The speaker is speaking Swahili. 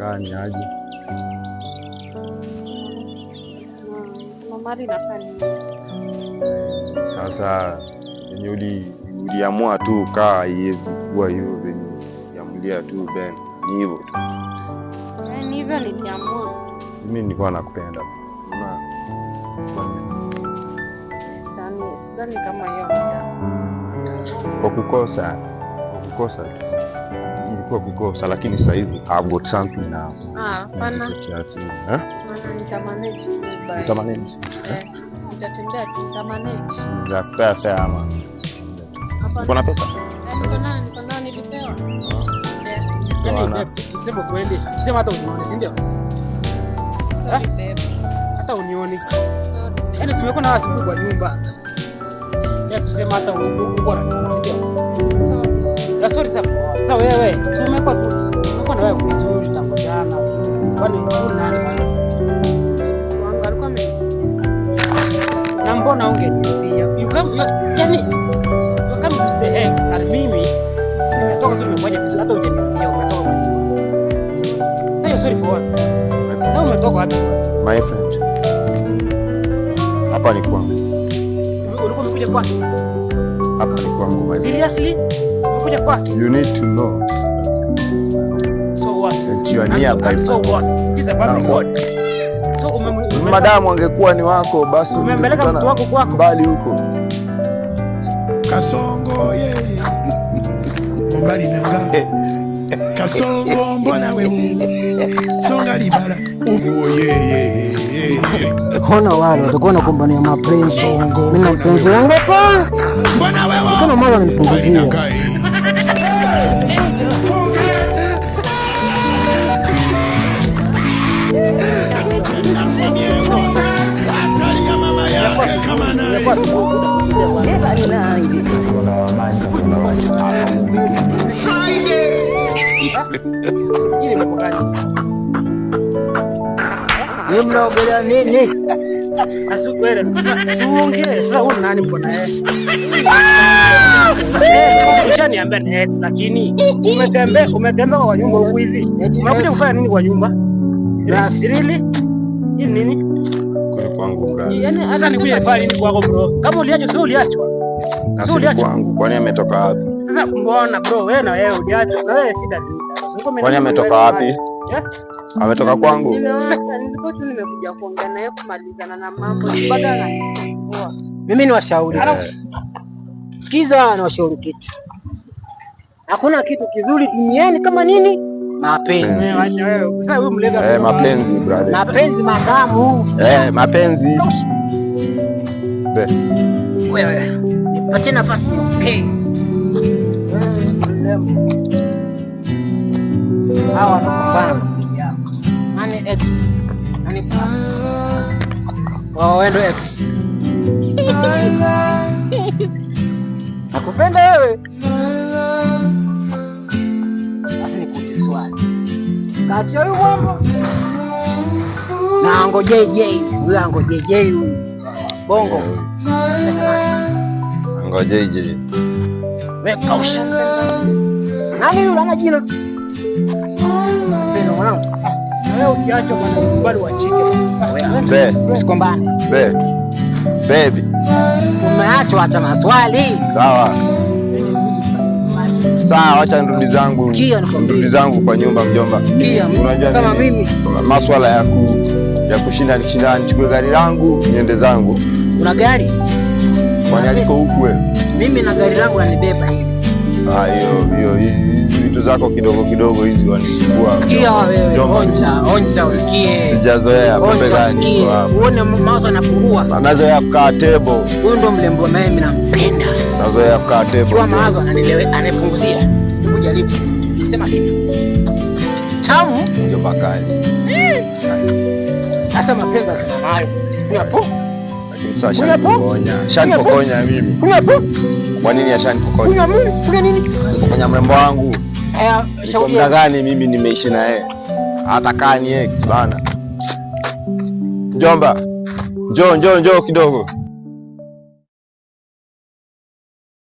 angani aje. Sasa venye uliamua tu kaa, haiwezi kuwa hivyo venye uliamlia tu Ben, ni hivyo tu. Eh, Mimi nilikuwa nakupenda kwa kukosa, kwa kukosa tu nilikuwa kukosa, lakini sasa hizi I've got something now. Ah, pana. Eh? tu eh, Nitatembea tu, pesa ama. Kuna pesa? Eh, niko na niko na nilipewa. Ah. Yaani, yaani, sema kweli, sema hata unione, si ndio? Hata unione. Yaani tumekuwa na nyumba. Yaani, hata Sorry sana wewe si umekuwa tu umekuwa na wewe vizuri tangu jana, kwani ni nani bwana alikuwa na mbona You ungeniambia? Yani to the ex at mimi nimetoka tu nimefanya vizuri, hata ungeniambia umetoka sasa. Sorry for what na umetoka wapi my friend? Hapa ni kwangu. Ulikuwa umekuja kwangu? Hapa ni kwangu my Seriously? kuja kwake. You need to know. So what? That you are near by so what? He's a family God. So umemwambia madamu angekuwa ni wako basi umempeleka mtu wako kwako mbali huko. Kasongo ye. Mbali nanga. Kasongo mbona wewe? Songa libara. Oh ye ye. Hona wale watakuwa na kumbania mapenzi. Mimi na mpenzi wangu hapa. Mbona wewe? Mbona mama ananipunguzia? Leo mnaogelea nini? Ah! Lakini umetembea umetembea kwa nyumba huku hivi. Unakuja kufanya nini kwa nyumba? Rasili? Hii nini? Kwa kwangu bro. Yaani hata nikuja kufanya nini kwako bro? Kama uliachwa sio uliachwa. Sio uliachwa kwangu. Kwani ametoka wapi? Sasa mbona bro wewe na wewe uliachwa na wewe shida nini? Kwani ametoka wapi? Eh? ametoka kwangu. tu nimekuja kuongea naye kumalizana na mambo. Mimi ni washauri, eh. sikiza, na washauri kitu, hakuna kitu kizuri duniani kama nini? Mapenzi. Eh. Yaani eh, mapenzi mapenzi madamu. mapenzi. Wewe nipatie nafasi Hawa wanakupanga X. Nakupenda wewe. Basi nikuulize swali. Kati ya huyu bombo na ango JJ, huyu ango JJ huyu. Bongo. Ango JJ. Weka Nani yule ana jina? mwanangu. Umeachwa hata maswali. Sawa. Sawa, acha ndugu zangu. Ndugu zangu kwa nyumba mjomba. Unajua kama mimi maswala ya ku ya kushinda nikishinda nichukue gari langu niende zangu. Una gari? Kwani aliko huku wewe? Mimi na gari langu lanibeba hivi. Ah, hiyo hizi vitu zako kidogo kidogo hizi wanisumbua. Sijazoea pembe gani, uone mawazo yanapungua. Nazoea kukaa tebo. Huyu ndo mlembo ambaye mimi nampenda. Nazoea kukaa tebo. Kwa mawazo ananielewe, anepunguzia kujaribu Sema kitu. chamu, Ndio makali. Eh. Sasa mapenzi sana nayo. Ni hapo. sasa shakuponya. Shakuponya mimi. Ni hapo. Kwa nini ashanipokonya? Kuna nini? Kuna mrembo wangu. Kwa muda gani mimi nimeishi na yeye? Hata kani ex bana. Njomba. Njoo njoo njoo kidogo.